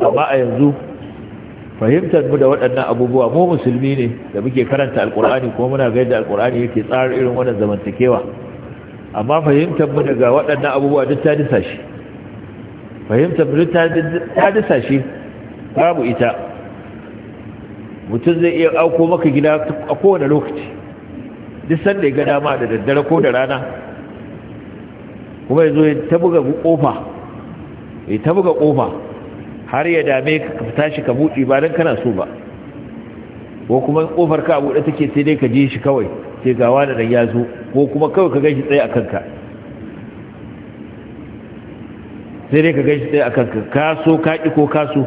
amma a yanzu fahimtar mu da waɗannan abubuwa mu musulmi ne da muke karanta alkur'ani kuma muna ga yadda alkur'ani yake tsara irin wannan zamantakewa amma fahimtar mu daga waɗannan abubuwa duk ta disa shi fahimtar mu duk ta disa shi babu ita mutum zai iya auko maka gida a kowane lokaci duk sanda ya ga dama da daddare ko da rana kuma ya zo ya tabuga kofa ya tabuga kofa har ya dame ka tashi ka buɗe ba don kana so ba ko kuma kofar ka buɗe take sai dai ka je shi kawai sai ga wani nan ya zo ko kuma kawai ka gashi tsaye a kanka sai dai ka gashi tsaye a kanka ka so ka ƙi ko ka so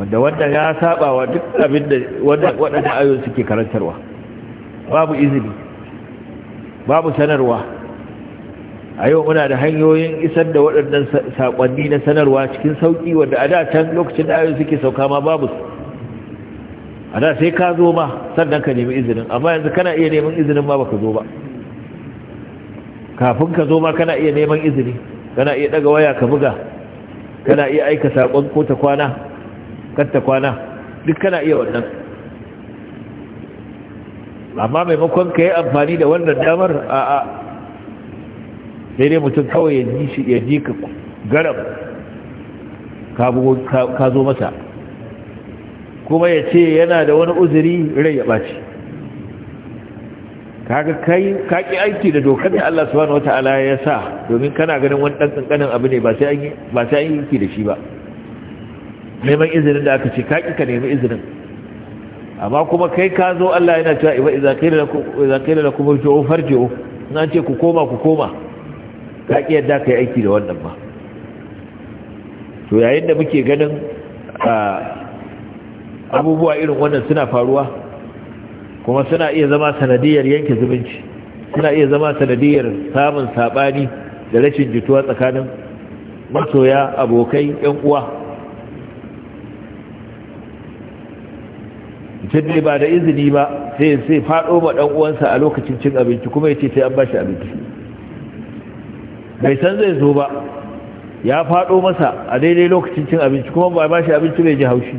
wanda wanda ya saba wa duk abin da waɗanda ayoyi suke karantarwa babu izini babu sanarwa a yau muna da hanyoyin isar da waɗannan saƙonni na sanarwa cikin sauƙi wanda a da can lokacin da ayoyi suke sauka ma babu a da sai ka zo ma sannan ka nemi izinin amma yanzu kana iya neman izinin ma baka zo ba kafin ka zo ma kana iya neman izini kana iya daga waya ka buga kana iya aika saƙon ko ta kwana kan ta kwana duk kana iya wannan amma maimakon ka yi amfani da wannan damar A'a. a sai dai mutum kawai ya ji ka garam ka zo masa kuma ya ce yana da wani uzuri rai ya ɓaci kaga kai aiki da dokar da Allah subhanahu wataala ya sa domin kana ganin wani dan kankanin abu ne ba sai an yi ba sai an yi da shi ba neman izinin da aka ce ka ƙi ka nemi izinin amma kuma kai ka zo Allah yana cewa idza qila lakum idza qila lakum farji'u in ce ku koma ku koma ka ƙi yadda ka yi aiki da wannan ba to yayin da muke ganin abubuwa irin wannan suna faruwa kuma suna iya zama sanadiyar yanke zumunci suna iya zama sanadiyar samun saɓani da rashin jituwa tsakanin masoya abokai yan uwa mutum ba da izini ba sai sai faɗo ma ɗan uwansa a lokacin cin abinci kuma ya ce sai an ba shi abinci bai san zai zo ba ya faɗo masa a daidai lokacin cin abinci kuma ba ba shi abinci bai ji haushi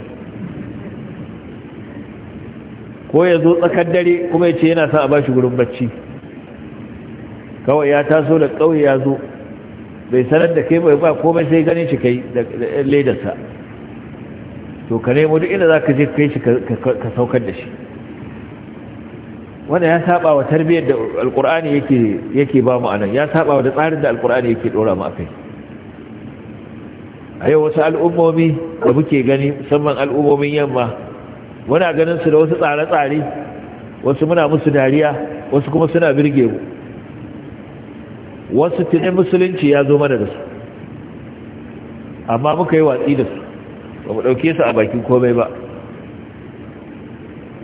ko ya zo tsakar dare kuma ya ce yana sa a ba shi gurin bacci kawai ya taso da ƙauye ya zo bai sanar da kai bai ba komai sai ganin shi kai da ledarsa to ka nemo duk inda za ka je kai shi ka saukar da shi wanda ya saba wa tarbiyyar da alkur'ani yake yake ba mu anan ya saba wa da tsarin da alkur'ani yake dora mu akai a yau wasu al'ummomi da muke gani musamman al'ummomin yamma muna ganin su da wasu tsare-tsare wasu muna musu dariya wasu kuma suna birge mu wasu tunin musulunci ya zo mana da su amma muka yi watsi da su ba mu ɗauke su a bakin komai ba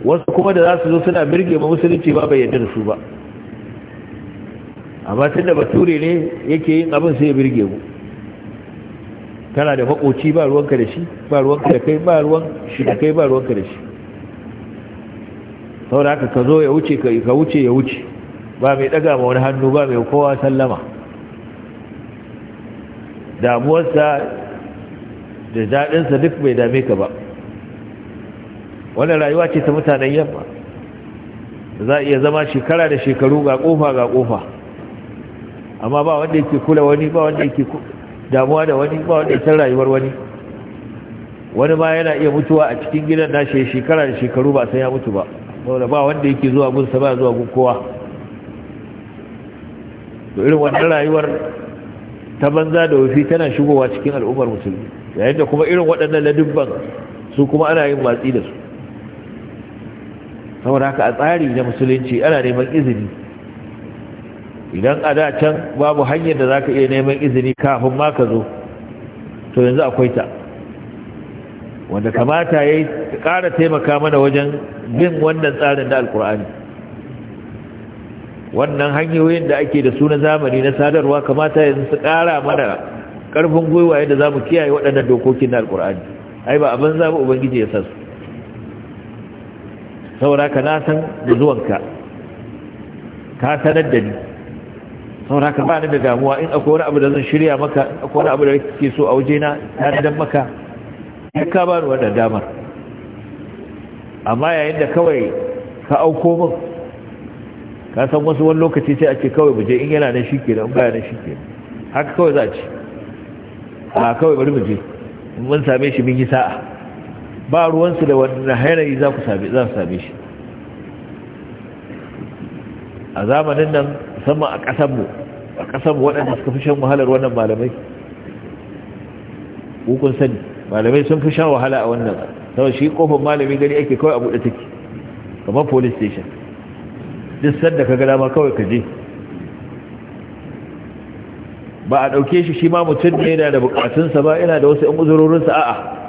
wasu kuma da za su zo suna birge ma musulunci ba bai yadda da su ba amma tun da bature ne yake yin abin sai ya birge mu kana da makoci ba ruwanka da shi ba ruwanka da kai ba ruwan shi da kai ba ruwanka da shi da haka ka zo ya wuce ka wuce ya wuce ba mai daga ma wani hannu ba mai kowa sallama damuwarsa da daɗinsa duk bai dame ka ba wannan rayuwa ce ta mutanen yamma za a iya zama shekara da shekaru ga kofa ga kofa amma ba wanda yake kula wani ba wanda yake damuwa da wani ba wanda yake rayuwar wani wani ma yana iya mutuwa a cikin gidan nashi shekara da shekaru ba sai ya mutu ba saboda ba wanda yake zuwa gunsa ba zuwa gun kowa to irin wannan rayuwar ta banza da wafi tana shigowa cikin al'ummar musulmi yayin da kuma irin waɗannan ladubban su kuma ana yin matsi da su saboda haka a tsari na musulunci ana neman izini idan a da can babu hanyar da za ka iya neman izini kafin ma ka zo to yanzu akwai ta wanda kamata ya yi ƙara taimaka mana wajen bin wannan tsarin da alkur'ani wannan hanyoyin da ake da suna zamani na sadarwa kamata yanzu su kara mana ƙarfin gwiwa yadda za mu kiyaye waɗannan dokokin na alkur'ani ai ba abin zaɓi ubangiji ya sasu saura ka na san da zuwanka ka sanar da ni saura ka ba ni da damuwa in akwai wani abu da zan shirya maka akwai wani abu da ke so a waje na dan maka ya ka ba ni wannan damar amma yayin da kawai ka auko min ka san wasu wani lokaci sai a ce kawai buje in yana nan ke da in baya nan ke haka kawai za a ce a kawai bari mu je in mun same shi mun yi sa'a ba ruwansu da wani hairayi za su same shi a zamanin nan musamman a ƙasanmu a ƙasanmu waɗanda suka fi shan wahalar wannan malamai hukun sani malamai sun fi shan wahala a wannan sau shi kofar malamai gani ake kawai a buɗe take kamar police station duk sanda ka gada ma kawai ka je ba a ɗauke shi shi ma mutum ne yana da bukatunsa ba yana da wasu 'yan uzurorinsa a'a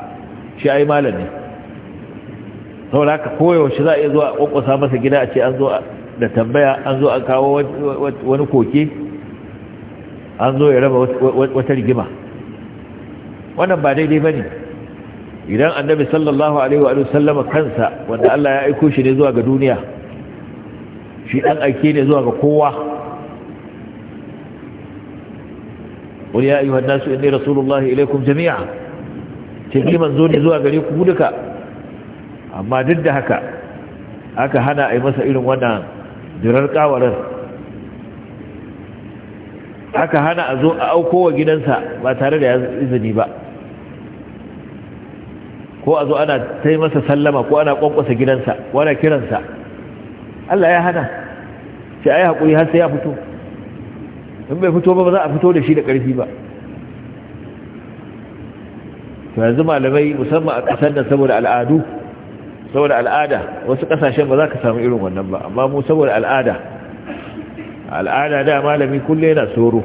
shi ai malami saboda haka koyaushe za a iya zuwa a kwakwasa masa gida a ce an zo da tambaya an zo an kawo wani koke an zo ya raba wata rigima wannan ba daidai ba ne idan annabi sallallahu alaihi wa sallama kansa wanda Allah ya aiko shi ne zuwa ga duniya shi ɗan aiki ne zuwa ga kowa قل يا أيها الناس إني رسول الله إليكم جميعا ce ni manzo ne zuwa gare ku duka amma duk da haka aka hana a yi masa irin wannan jirar kawarar aka hana a zo a auko wa gidansa ba tare da izini ba ko a zo ana ta yi masa sallama ko ana kwankwasa gidansa ko ana kiransa Allah ya hana sai a yi haƙuri har sai ya fito in bai fito ba ba za a fito da shi da ƙarfi ba to yanzu malamai musamman a ƙasar nan saboda al'adu saboda al'ada wasu ƙasashen ba za ka samu irin wannan ba amma mu saboda al'ada al'ada da malami kulle yana tsoro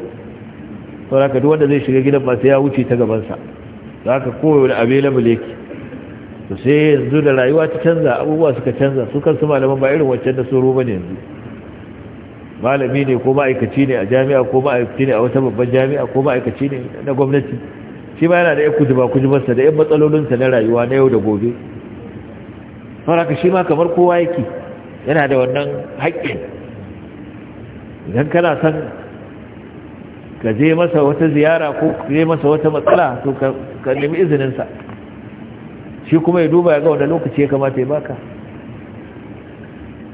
sau haka duk wanda zai shiga gidan masu ya wuce ta gabansa za ka koyo da abe labule to sai yanzu da rayuwa ta canza abubuwa suka canza su kansu malaman ba irin wancan da tsoro ba ne yanzu malami ne ko ma'aikaci ne a jami'a ko ma'aikaci ne a wata babban jami'a ko ma'aikaci ne na gwamnati shi ba yana da yan kujiba kujibarsa da yan matsalolinsa na rayuwa na yau da gobe faraka shi ma kamar kowa yake yana da wannan haƙƙin idan kana son ka je masa wata ziyara ko ka je masa wata matsala to ka nemi izininsa shi kuma ya duba ya ga wanda lokaci ya kamata ya baka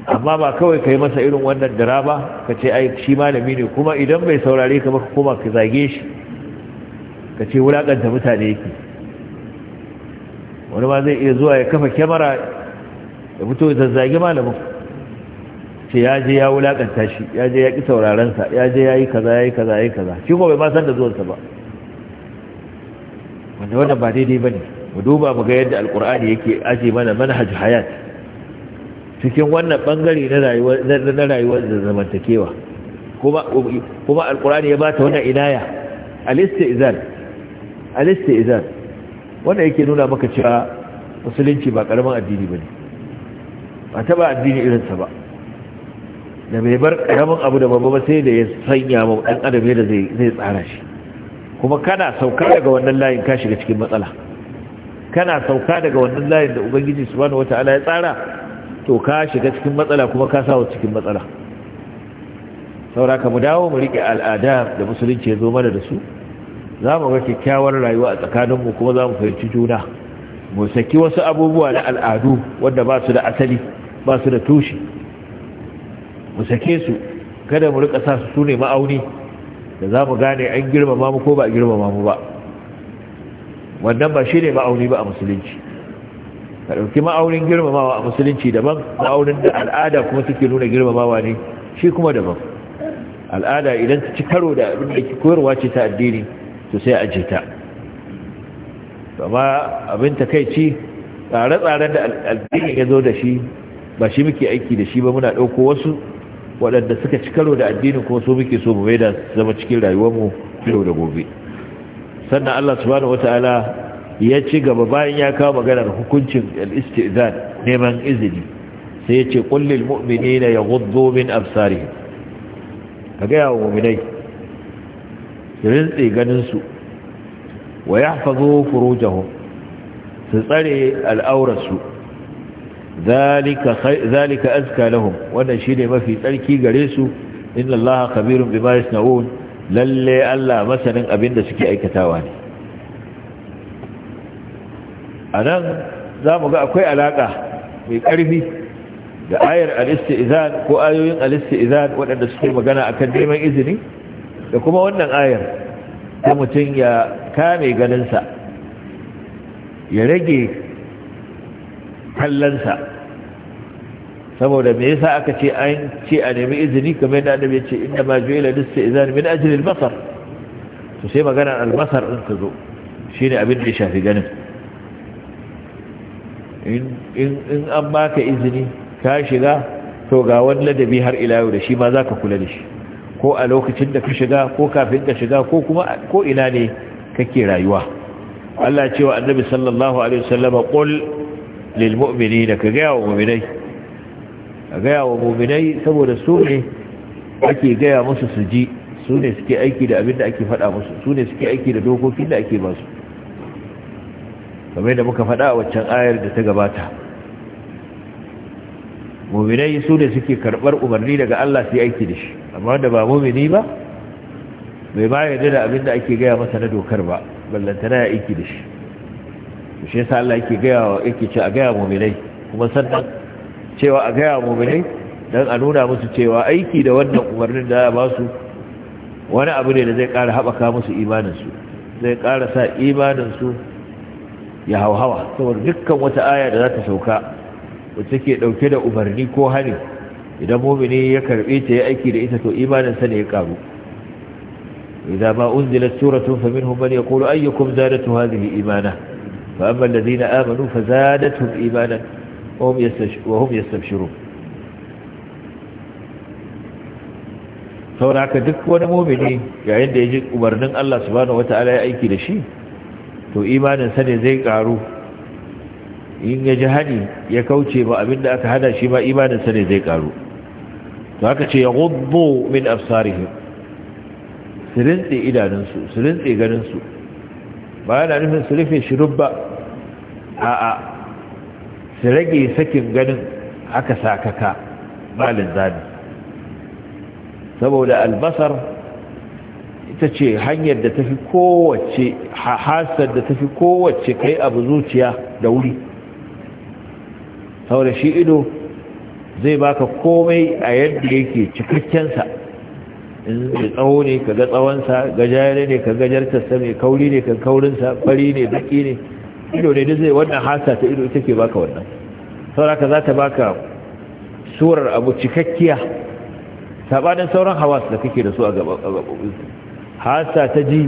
amma ba kawai ka yi masa irin wannan dara ba ka ce ai shi malami ne kuma idan bai saurare ka ba ka koma ka zage shi ka ce wulaƙanta mutane yake wani ma zai iya zuwa ya kafa kyamara ya fito ya zazzage malamin ce ya je ya wulaƙanta shi ya je ya ƙi saurarensa ya je ya yi kaza ya yi kaza ya yi kaza shi kuma bai ma san da zuwansa ba wanda wannan ba daidai ba ne mu duba mu ga yadda alƙur'ani yake aje mana manhaj hayat cikin wannan ɓangare na rayuwar da zamantakewa kuma alƙur'ani ya ba ta wannan inaya al-istizan alista izan wanda yake nuna maka cewa musulunci ba karaman addini bane ba ta ba addini irinsa ba da bai bar karamin abu da babba sai da ya sanya ma dan adam yadda zai zai tsara shi kuma kana sauka daga wannan layin ka shiga cikin matsala kana sauka daga wannan layin da ubangiji subhanahu wataala ya tsara to ka shiga cikin matsala kuma ka sawo cikin matsala ka mu dawo mu rike al'ada da musulunci ya zo mana da su za mu ga kyakkyawar rayuwa a tsakaninmu kuma za mu fahimci juna mu saki wasu abubuwa na al'adu wanda ba su da asali ba su da tushe mu sake su kada mu rika sa su ne ma'auni da za mu gane an girmama mu ko ba girmama mu ba wannan ba shi ne ma'auni ba a musulunci ka ɗauki ma'aunin girmamawa a musulunci daban ma'aunin da al'ada kuma suke nuna girmamawa ne shi kuma daban al'ada idan ta ci karo da abin da ke koyarwa ce ta addini to sai a jita amma abin takaici tsare-tsaren da addini ya zo da shi ba shi muke aiki da shi ba muna ɗauko wasu waɗanda suka ci karo da addini kuma so muke so mu mai da zama cikin rayuwar mu yau da gobe sannan Allah subhanahu wata'ala ya ci gaba bayan ya kawo maganar hukuncin al-istizan neman izini sai ya ce kullil mu'minina yaghuddu min absarihim kaga ya mu'minai rintse ganinsu wa ya fazo furujahu su tsare al'aurarsu zalika azka lahum wannan shi ne mafi tsarki gare su inna Allah kabirun bi ma yasnaun lalle Allah masanin abin da suke aikatawa ne anan zamu ga akwai alaƙa mai karfi da ayar al izan ko ayoyin al izan waɗanda suke magana akan neman izini da kuma wannan ayar ta mutum ya kame ganinsa ya rage kallonsa saboda me yasa aka ce an ce a nemi izini kamar yadda annabi ya ce inna ma ju'ila listi'zan min ajli al-basar to sai magana al-basar din ta zo shine abin da ya shafi ganin in in an baka izini ka shiga to ga wani ladabi har ila yau da shi ma zaka kula da shi ko a lokacin da ka shiga ko kafin ka shiga ko kuma ko ina ne kake rayuwa Allah cewa annabi sallallahu alaihi wasallam qul lil mu'minina ka gaya wa mu'minai ka gaya wa mu'minai saboda su ne ake gaya musu su ji su ne suke aiki da abin da ake faɗa musu su ne suke aiki da dokokin da ake su kamar da muka faɗa a waccan ayar da ta gabata mu'minai su ne suke karɓar umarni daga Allah su yi aiki da shi amma da ba mumini ba bai ba yarda da abin ake gaya masa na dokar ba ballantana ya aiki da shi shi yasa Allah yake gaya wa yake ce a gaya muminai kuma sannan cewa a gaya muminai dan a nuna musu cewa aiki da wannan umarnin da ba su wani abu ne da zai ƙara haɓaka musu imaninsu zai ƙara sa imanin su ya hauhawa saboda dukkan wata aya da za ta sauka wacce ke ɗauke da umarni ko hani idan mumini ya karbe ta ya aiki da ita to imanin sa ne ya karu ba ma unzilat suratun minhum man yaqulu ayyukum zadatu hadhihi imana fa amma alladhina amanu fazadatuhum imanan wa hum yastabshirun saboda haka duk wani mumini yayin da ya ji umarnin Allah subhanahu wataala ya aiki da shi to imanin sa ne zai karu in ya ji hani ya kauce ba abinda aka hada shi ba imanin sa ne zai karu to haka ce ya gubbo min absarihim su rintse idanunsu su rintse ganinsu ba yana nufin su rufe shirin ba a'a su rage sakin ganin aka sakaka malin zani saboda albasar ita ce hanyar da fi kowace hasar da tafi kowace kai abu zuciya da wuri saboda shi ido zai baka komai a yadda yake cikakkensa in mai tsawo ne ka ga tsawonsa gajare ne ka gajartarsa mai kauri ne ka kaurinsa fari ne baki ne ido ne da zai wannan hasa ta ido take ke baka wannan ka za ta baka surar abu cikakkiya sabanin sauran hawas da kake da su a gaban hasa ta ji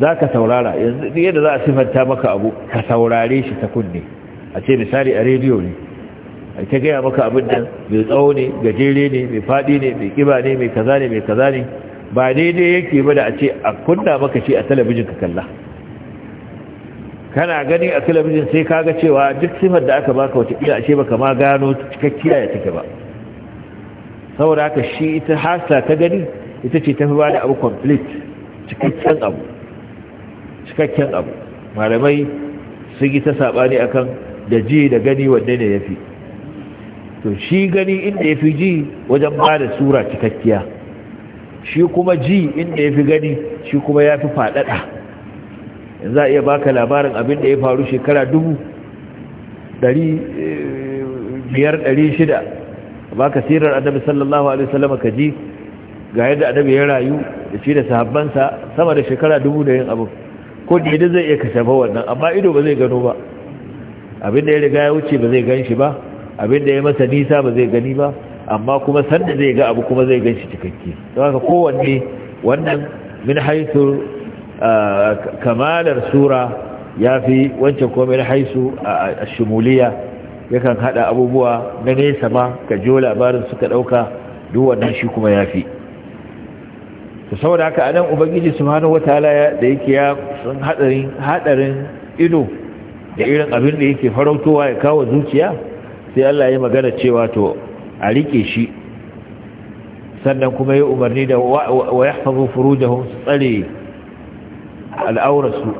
za ka saurara yanzu yadda za a siffanta maka abu ka saurare shi ta kunne a ce misali a rediyo ne a ta gaya maka abin da mai tsawo ne gajere ne mai faɗi ne mai ƙiba ne mai kaza ne mai kaza ne ba daidai yake ba da a ce a kunna maka ce a talabijin ka kalla kana gani a talabijin sai ka ga cewa duk sifar da aka baka wata ila ashe baka ma gano cikakkiya ya take ba saboda haka shi ita hasa ta gani ita ce tafi ba da abu complete cikakken abu cikakken abu malamai sun yi ta saɓani akan da ji da gani wanne ne yafi to shi gani inda ya fi ji wajen ba da sura cikakkiya shi kuma ji inda ya fi gani shi kuma ya fi faɗaɗa za a iya baka labarin abin da ya faru shekara dubu ɗari eh, biyar ɗari shida baka sirar annabi sallallahu alaihi wasallam ka ji ga yadda annabi ya rayu da shi da sahabbansa sama da shekara dubu da yin abu ko da zai iya kashe wannan amma ido ba zai gano ba abin da ya riga ya wuce ba zai gan shi ba abin da ya masa nisa ba zai gani ba amma kuma sanda zai ga abu kuma zai ganshi cikakke don haka kowanne wannan min haisu kamalar sura ya fi wancan kuma min haisu a shimuliya yakan haɗa abubuwa na nesa ma ka jo labarin suka ɗauka duk wannan shi kuma ya fi to saboda haka anan ubangiji wata wataala da yake ya sun hadarin ido da irin abin da yake farautowa ya kawo zuciya sai Allah ya magana cewa to a rike shi sannan kuma ya umarni da wa yahfazu furujahum tsare al'auratu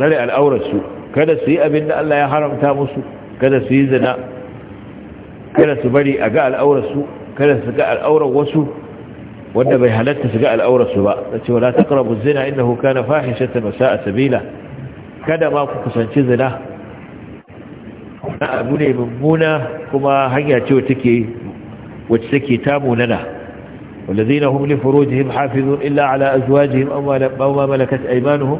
tsare al'auratu kada su yi abin da Allah ya haramta musu kada su yi zina kada su bari a ga al'auratu kada su ga al'aurar wasu wanda bai halatta su ga al'aurarsu ba da cewa la taqrabu zina innahu kana fahishatan wa sa'a sabila kada ma ku kusanci zina na abu ne mummuna kuma hanya ce take wacce take ta munana walladhina hum li furujihim hafizun illa ala azwajihim aw ma malakat aymanuhum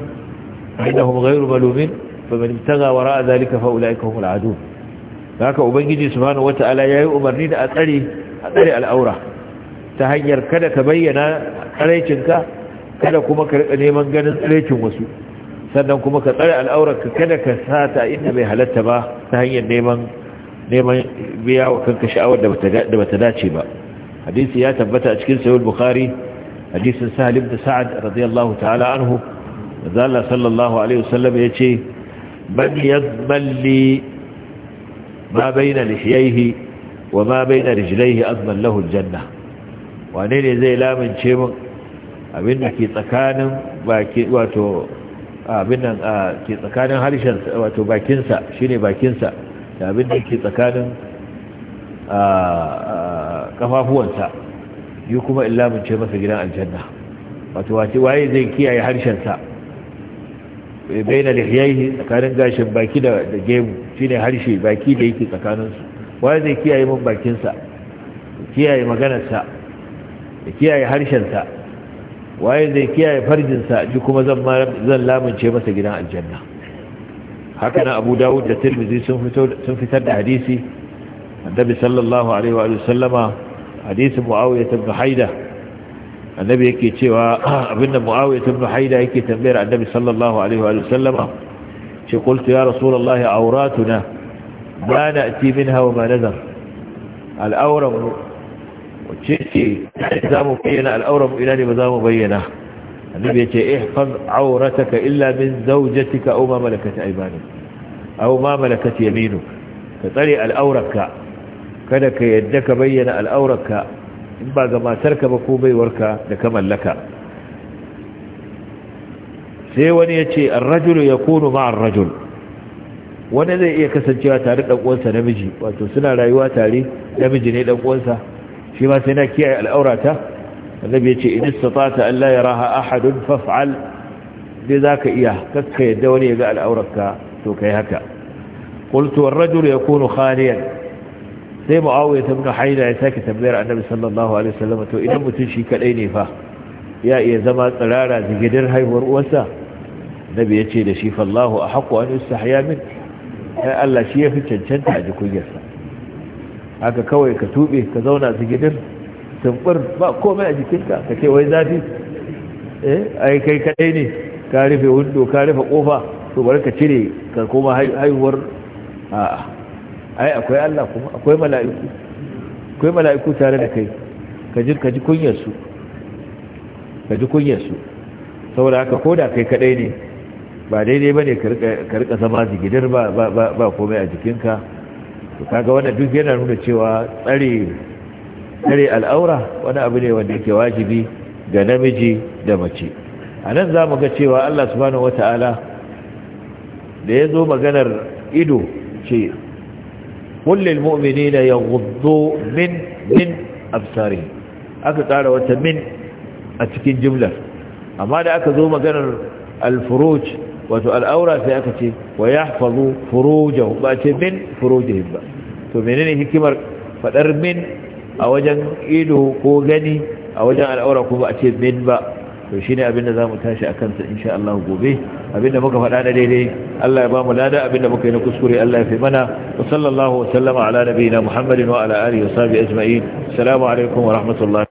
aidahum ghayru malumin faman intaga wara dhalika fa ulaika hum al'adu haka ubangiji subhanahu ya yi umarni da atsari atsari al'aura ta hanyar kada ka bayyana tsareyinka kada kuma ka rika neman ganin tsareyin wasu sannan kuma ka tsare al'aurarka kada ka sata inda bai halatta ba ta hanyar neman neman biya wa kanka sha'awar da bata dace ba hadisi ya tabbata a cikin sahih bukhari hadisin salim da sa'ad radiyallahu ta'ala anhu zalla sallallahu alaihi wasallam yace man yazmalli ma baina lihiyaihi wa ma bai baina rijlaihi azman lahu janna. wane ne zai lamince min abin da ke tsakanin baki wato abin nan ke tsakanin harshen wato bakinsa shine bakinsa da abin da ke tsakanin kafafuwansa yi kuma illa mun ce masa gidan aljanna wato wace waye zai kiyaye harshensa eh, bai na lihiyayi tsakanin gashin baki da gemu shine harshe baki da yake tsakaninsu waye zai kiyaye mun bakinsa kiyaye maganarsa da kiyaye harshensa waye zai kiyaye farjinsa ji kuma zan lamince masa gidan aljanna haka na abu dawud da tirmizi sun fitar da hadisi annabi sallallahu alaihi wa sallama hadisi muawiya ibn haida annabi yake cewa abinda muawiya ibn haida yake tambayar annabi sallallahu alaihi wa sallama ce qultu ya rasulullah auratuna ma na'ti minha wa ma nazar al'auran wacce ce za mu bayyana al'aurar mu ina ne ba za mu bayyana annabi ya ce ihfaz eh, aurataka illa min zawjatika aw ma malakat aymanuka aw ma malakat yaminuka ka tsare al'aurarka kada ka yadda ka bayyana al'aurarka in ba ga matarka ba ko baiwarka da ka mallaka sai wani ya ce arrajulu ya kunu ma'ar rajul wani zai iya kasancewa tare ɗan'uwansa namiji wato suna rayuwa tare namiji ne uwansa. shi ma sai na kiyaye al'aurata annabi ya ce in istata an la yaraha ahadun faf'al dai zaka iya kakka da wani ya ga al'aurarka to kai haka qultu ar ya yakunu khaliyan sai muawiya ibn haida ya sake tambayar annabi sallallahu alaihi wasallam to idan mutum shi kadai ne fa ya iya zama tsirara zigidar haihuwar uwarsa nabi ya ce da shi fallahu a haƙo an yi min ai Allah shi ya fi cancanta a jikunyarsa haka kawai ka tube ka zauna zigidir tumbur ba komai a jikinka ka ce wai zafi eh ai kai kadai ne ka rufe windo ka rufe kofa to bari ka cire ka koma haihuwar a ai akwai Allah kuma akwai mala'iku akwai mala'iku tare da kai ka ji ka ji kunyar su ka ji kunyar su saboda haka koda kai kadai ne ba daidai bane ka rika zama zigidir ba ba ba komai a jikinka to kaga wanda duk yana nuna cewa tsare al'aura wani abu ne wanda yake wajibi ga namiji da mace a nan za mu ga cewa Allah subhanahu ta'ala da ya zo maganar ido ce kullil mu'minina yaghuddu min min absarihim aka tsara wata min a cikin jimlar amma da aka zo maganar alfuruj wato al'aura sai aka ce wa yahfazu furujahum ba ce min furujihim ba to menene hikimar fadar min a wajen ido ko gani a wajen al'aura ko ba a ce min ba to shine abinda zamu tashi a kansa insha Allah gobe abinda muka faɗa na daidai Allah ya bamu lada abinda muka yi na kuskure Allah ya fi mana wa sallallahu wa sallama ala nabiyina Muhammadin wa ala alihi wa sahbihi ajma'in assalamu alaikum wa rahmatullahi